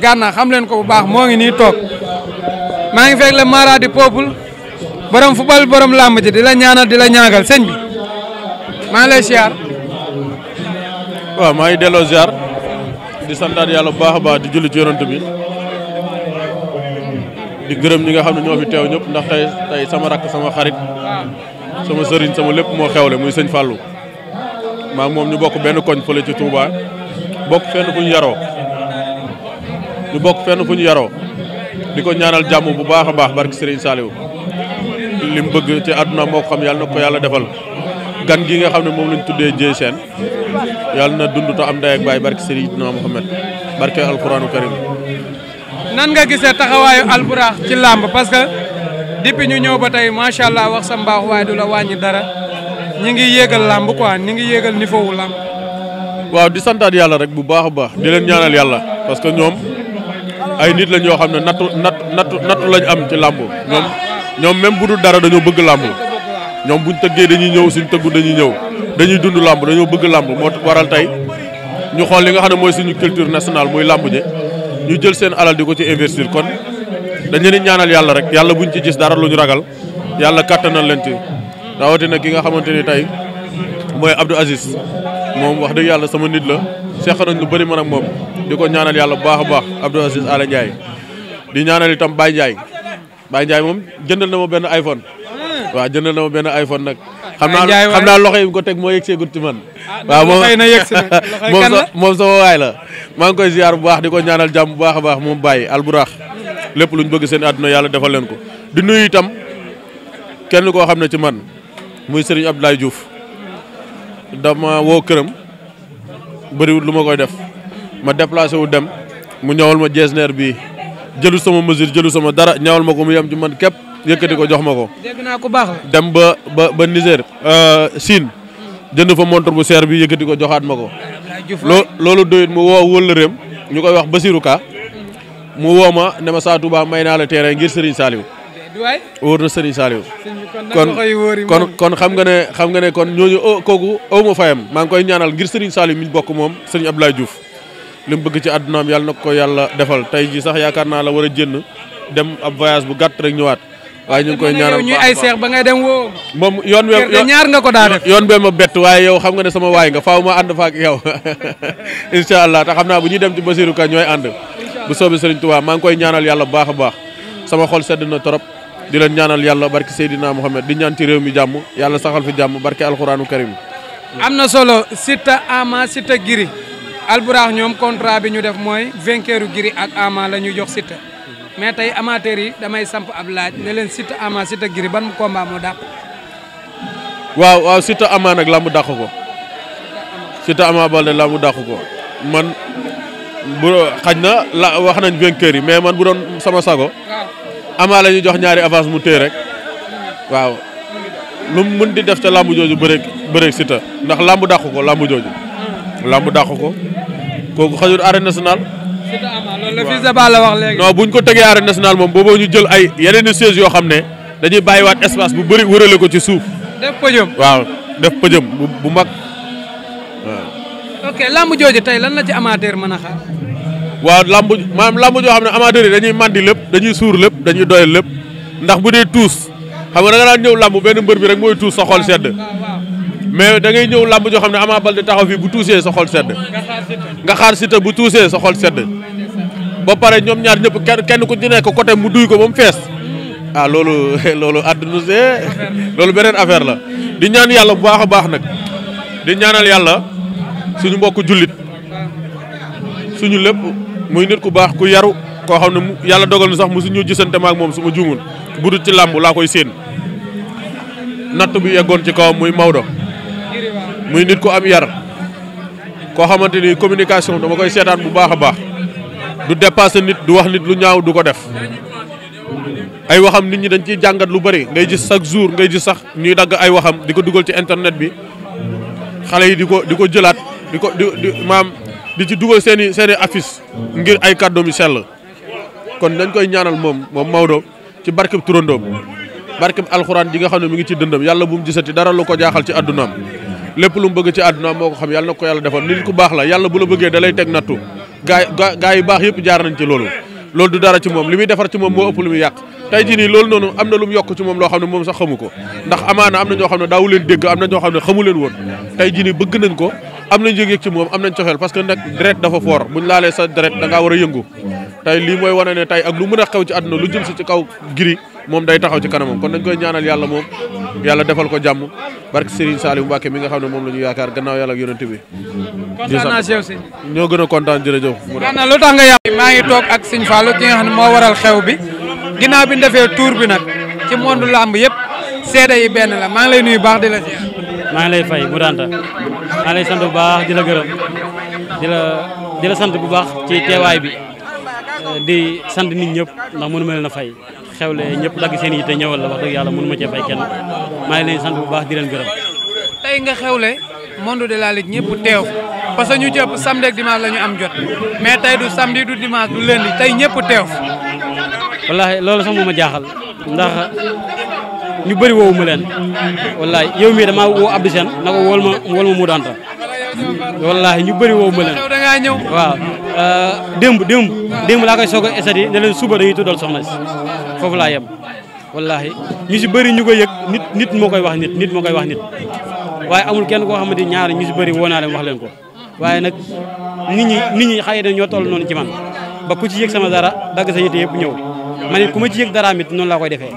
Gana xam leen ko bu baax mo ngi ni tok ma ngi fek le mara di peuple borom football borom lamb ji dila ñaanal dila ñaagal señ bi ma ngi lay ziar. wa ma ngi delo ziar di santat yalla bu baax ba di julli ci yonent bi di gërëm ñi nga xam ne ñoo fi teew ñëpp ndax tay tay sama rak sama xarit sama serigne sama lepp mo xewle muy señ fallu ma mom ñu bokk ben koñ fele ci Touba bokk fenn fu yaro ñu bok fenn fuñu yaro diko di ñaanal jamu bu baaxa baax barki Serigne Saliou lim bëgg ci aduna mo xam yalla nako yalla defal gan gi nga xamne mom lañ tuddé na dundu ta am ndey ak bay barki serigne Mohamed barki alquranu karim nan nga gisé taxawaayu alburax ci lamb parce que depuis ñu ñëw ba ma sha allah wax sa mbax way du la wàññi dara ñi ngi yéegal lamb quoi ñi ngi yéegal nifo wu lamb waaw di santat yalla rek bu baaxa baax di leen ñaanal yalla parce que ñom ay nit la ñoo xam ne nattu nattu nattu nattu lañ am ci làmb ñoom ñoom même bu dul dara dañoo bëgg làmb ñoom buñ tëggee dañuy ñëw suñ tëggu dañuy ñëw dañuy dund làmb dañoo bëgg làmb moo waral tey ñu xool li nga xam ne mooy suñu culture nationale muy làmb je ñu jël seen alal di ko ci investir kon dañ leen ñaanal yàlla rek yàlla buñ ci gis dara lu ñu ragal yàlla kàttanal leen ci rawatina ki nga xamante ni tey mooy Abdou Aziz moom wax dëgg yàlla sama nit la seq nañ lu bëri man ak moom di ko ñaanal yàlla bu baax a baax Abdou Aziz Ala Ndiaye di ñaanal itam Baye Ndiaye Baye Ndiaye moom jëndal na ma benn iPhone waaw jëndal na benn iPhone nag. xam naa xam naa loxo yi ko teg moo yegg see gudd ci man. Ah, waaw moom moom sama waay la. maa ngi koy ziar bu baax di ko ñaanal jàmm bu baax a baax moom Baye alburax lépp luñ bëgg seen àdduna yàlla defal leen ko. di nuyu itam kenn koo xam ne ci man muy Serigne Abdoulaye juuf dama woo këram. bëriwul lu ma koy def ma déplacé wu dem mu ñawal ma jeesneer bi jëlu sama mesure jëlu sama dara ñawal ma ko mu yem ci man képp yëkkati ko jox ma ko. dégg ko baax dem ba ba ba Niger. Chine euh, jënd fa montre bu seer bi yëkkati ko joxaat ma ko. loo loolu doyit mu woo wëllëreem ñu koy wax Basirou Ka mu woo ma ne ma Sa Touba may naa la terrain ngir Serigne Saliou. wóor na Serigne Saliou kon kon kon xam nga ne xam nga kon ñooñu o kooku aw ma fayam maa ngi koy ñaanal ngir Serigne Saliou mi ñu bokk moom Serigne Abdoulaye Diouf li mu bëgg ci àddunaam defal tey ji sax yaakaar naa la war a dem ab voyage bu gàtt rek ñëwaat waaye ñu ngi koy ñaanal ñuy ay seex ba ngay dem woo moom yoon sama waay nga faaw ma yau, fa ak yow incha allah te xam naa bu ñuy dem ci Basirou Ka ñooy ànd bu soobee Serigne Touba maa ngi sama xol sedd na di len ñaanal yalla barke sayidina Muhammad, di ñaan ci rew mi jamm yalla saxal fi jamm barke alxuraanu karim amna solo sita Ama sita Giri alburah ñom contrat bi ñu def moy vainqueur Giri ak Ama la ñuy jox sita, mais tay amateur yi damay samp ab laaj ne len sita Ama sita Giri ban combat mo dakk waaw waaw sita Ama nak lamb dakk ko sita Ama Baldé lamb dakk ko man bu xaj wax nañ vainqueur yi mais man bu don sama sago amaa la jox ñaari avance mu téye rek waaw lu mu mën di def ca làmb jooju bëreeg bëreeg Siteu ndax làmb dàqu ko làmb jooju. làmb dàqu ko kooku xajul arène national Siteu Ama loolu la bu ñu ko tegee arène nationale moom booboo ñu jël ay yeneen i yoo xam ne dañuy bàyyiwaat espace bu bëri wërale ko ci suuf. def waaw def pëjëm bu bu mag waaw. ok làmb jooju tey lan la ci amateur mën a xaar. wa lamb manam lamb jo xamne ne dañuy mandi lepp dañuy sour lepp dañuy doy lepp ndax budé tous xam nga da nga ñew ñëw lamb benn mbeur bi rek moy tous sa xol sedd mais da ngay ñew lamb jo xamne ama bal de taxaw fi bu tuusee sa xol sedd nga xaar Siteu bu tuusee sa xol sedd ba paré ñom ñaar ñëpp kenn ku di nekk côté mu duuy ko bam fess ah lolu lolu àdduna sé lolu benen affaire la di ñaan yalla bu baaxa baax nak di ñaanal yalla suñu mbokk julit suñu lepp muy nit ku bax ku yaru ko xamne yalla dogal na sax mosu ñu jissante mak mom suma su budu ci lamb la koy seen nat bi yegon ci kaw muy mawdo muy nit ku am yar ko xamanteni communication dama koy seetaan bu baax du dépasser nit du wax nit lu ñaaw du ko def ay waxam nit ñi dañ ci jangat lu bari ngay gis chaque jour ngay gis sax ñuy dag ay waxam di duggal ci internet bi xalé yi di diko jëlat diko di di ci dugal seeni i seen i affiche ngir ay kàddoom yu sell kon dañ koy ñaanal moom moom Maodo ci barkeb turandoom barkeb alxuraan ji nga xam ne mu ngi ci dëndam yàlla bu mu gisati dara lu ko jaaxal ci addunaam lépp lu mu bëgg ci addunaam moo ko xam yàlla na ko yàlla defal nit ku baax la yàlla bu la bëggee da lay teg nattu gaay gaay yu baax yëpp jaar nañ ci loolu loolu du dara ci moom li muy defar ci moom moo ëpp lu muy yàq tey jii nii loolu noonu am na lu mu yokk ci moom loo xam ne moom sax xamu ko ndax am na ñoo xam ne daawu leen dégg am na ñoo xam ne xamu leen woon tey jii nii bëgg nañ ko am nañ yëg-yëg ci moom am nañ coxeel parce que nag deret dafa foor buñ laalee sa deret da ngaa war a yëngu tey lii mooy wane ne tey ak lu mën a xew ci àdduna lu jëm si ci kaw giri moom day taxaw ci kanamam kon dañ koy ñaanal yàlla moom yàlla defal ko jàmm barke Serigne Saliou Mbacke mi nga xam ne moom la ñu yaakaar gannaaw yàlla ak yonent kontaan naa si ñoo gën a kontaan jërëjëf. maanaam lu tax nga yàlla. maa ngi toog ak Serigne Fallou ki nga ne moo waral xew bi ginnaaw bi ñu bi nag ci monde yëpp yi benn la maa ngi lay nuyu baax di la ziar. maa lay sant bu baax di la gërëm di la di la sant bu baax ci teewaay bi di sant nit ñëpp ndax mënuma leen a fay xewle ñëpp dagg seen yi te ñëwal la wax dëgg yàlla mënu ma cee fay kenn maa ngi leen sant bu baax di leen gërëm. tey nga xewle monde de la lutte ñëpp teew parce que ñu jëpp samedi ak lañu am jot mais tey du samedi du dimanche du lundi tey ñëpp teew. wallaahi loolu sax moo ma jaaxal ndax. ñu bëri woowu ma leen wallaay yow mii damaa woo Abdou Sène na ko wool ma wool ma Modou Anta wallaay ñu bëri woowu ma leen waaw euh, démb démb démb laa koy soog a esat yi ne leen suba dañuy tuddal soxna si foofu laa yem wallahi ñu si bëri ñu ko yëg nit moo koy wax nit nit moo koy wax nit waaye amul kenn koo xamante ñaari ñu si bëri woo naa wax leen ko waaye nag nit ñi nit ñi xëy na ñoo toll noonu ci man ba ku ci yëg sama dara dagg sa yite ñëw ma ne ku ma ci yëg daraam it noonu laa koy defee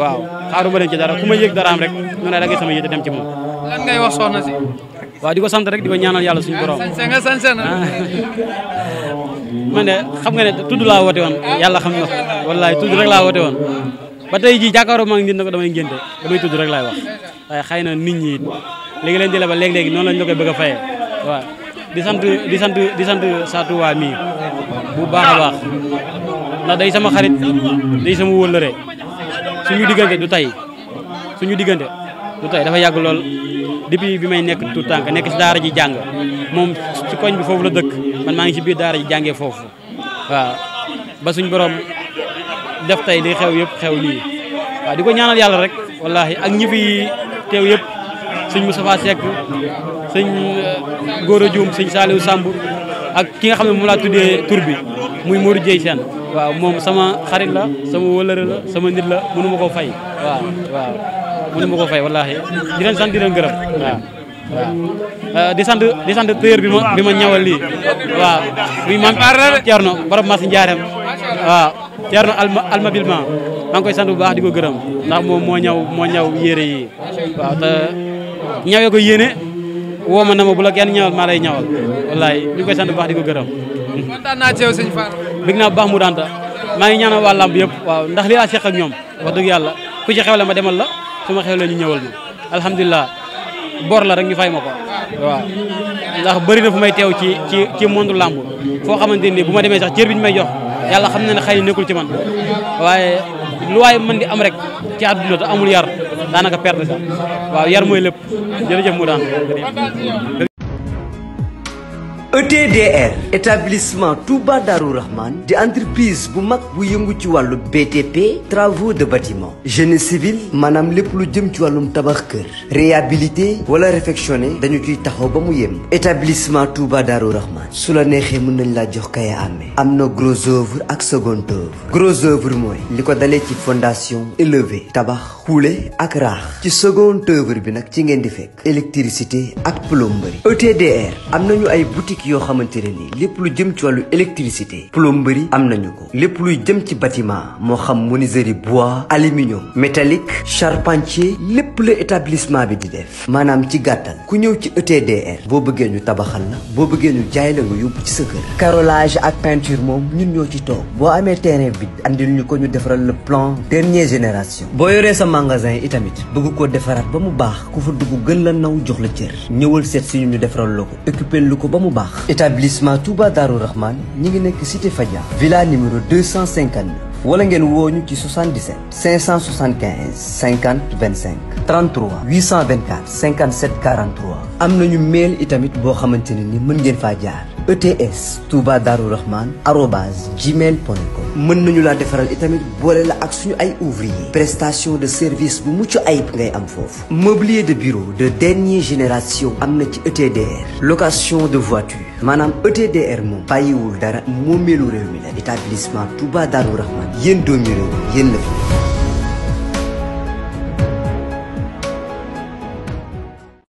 waaw xaaruma leen ci dara ku ma yëg daraam rek noonu laa dagee sama yëte dem ci moom. lan ngay wax soxna si. waaw di ko sant rek di ko ñaanal yàlla suñu borom. nga sañse na man de xam nga ne tudd la woote woon yàlla xam na ko wallaay tudd rek laa woote woon. ba tey jii jàkkaaroo maa ngi nit na ko damay ngénte damay tudd rek laay wax waaye xëy na nit ñi léegi leen di la ba léegi-léegi noonu lañ la koy bëgg a fayee waaw di sant di sant di sant Sa Touba mii bu baax ndax day sama xarit day sama wóllëre suñu diggante du tey suñu diggante du tey dafa yàgg lool depuis bi may nekk tout tànk nekk si daara ji jàng moom ci koñ bi foofu la dëkk man maa ngi si biir daara ji jàngee foofu waaw ba suñ borom def tey di xew yëpp xew lii waa di ko ñaanal yàlla rek wallahi ak ñi fi teew yëpp sëñ Moustapha Seck sëñ euh, Gora Dioum sëñ Saliou Samb ak ki nga xamne mo la tuddé tour bi muy Modou Dieye Sène waaw mom sama xarit la sama wëlëre la sama nit la mënu mako fay waaw waaw mënu mako fay wallahi di len sant di len gërëm waaw euh, di sant di sant tëyër bi ma bi ma ñawal lii waaw muy maam Thierno borom Massi Ndiarème waaw tierno alma alma bilma ma ngoy sant bu baax diko ko gërëm ndax mom mo ñaw mo ñaw yéré yi waaw ta ñawé ko yéné woo ma na ma bu la kenn ñëwal maa lay ñëwal wallaay ñu koy sant bu baax di ko gërëm. naa ci yow baax mu danta maa ngi ñaanal waa làmb yëpp waaw ndax li a seq ak ñoom wax dëgg yàlla ku ci xewle ma demal la su ma xewle ñu ñëwal ma alhamdulilah bor la rek ñu fay ma ko waaw ndax bëri fu may teew ci ci ci monde làmb foo xamante ni bu ma demee sax cër bi may jox yàlla xam na ne xëy na nekkul ci man waaye lu waaye mën di am rek ci àdduna te amul yar daanaka perte la waaw yar mooy lépp jërëjëf mu daan ETDR établissement Touba Darou Rahman di entreprise bu mag bu BTP travaux de bâtiment génie civil manam lépp lu jëm ci réhabilité wala réfectionné dañu ciy taxaw établissement Touba Darou Rahman su la neexee mën nañ jox gros œuvre ak second œuvre gros œuvre moi li ci fondation élevé tabac, coulé ak raax ci second œuvre bi nag électricité ak plomberie ETDR amno nañu ay boutique yo xamantene ni lepp lu jëm ci walu électricité plomberie am nañu ko lepp luy jëm ci bâtiment mo xam menuiserie bois aluminium métallique charpentier les le établissement bi di def manam ci gattal ku ñew ci ETDR bo bëgge ñu tabaxal la bo bëgge ñu jaay la nga ci sa carrelage ak peinture mom ñun ñoo ci toog bo amé terrain bi andil ñu ko ñu le plan dernière génération bo yoré sa magasin itamit bëgg ko defaraat ba mu baax ku fa dugg gën la naw jox la cër ñëwal seet si ñu defaral lako ko lu ko ba mu baax établissement Touba Darou Rahman ñi ngi cité Fadia villa numéro 259 wala ngeen 77 575 50 25 33 824 57 43 Amnon mail itamit boo bohamantini ETS Tuba Darou Rahman gmail.com mën nañu laa defaral itamit boole la ak suñu ay ouvrier prestation de service bu muccu ayib ngay am de bureau de dernière génération amna ci ETDR location de voiture manam ETDR mon pays, dara moomeelu réew mi la établissement Tuba Darou Rahman yéen doomi réew la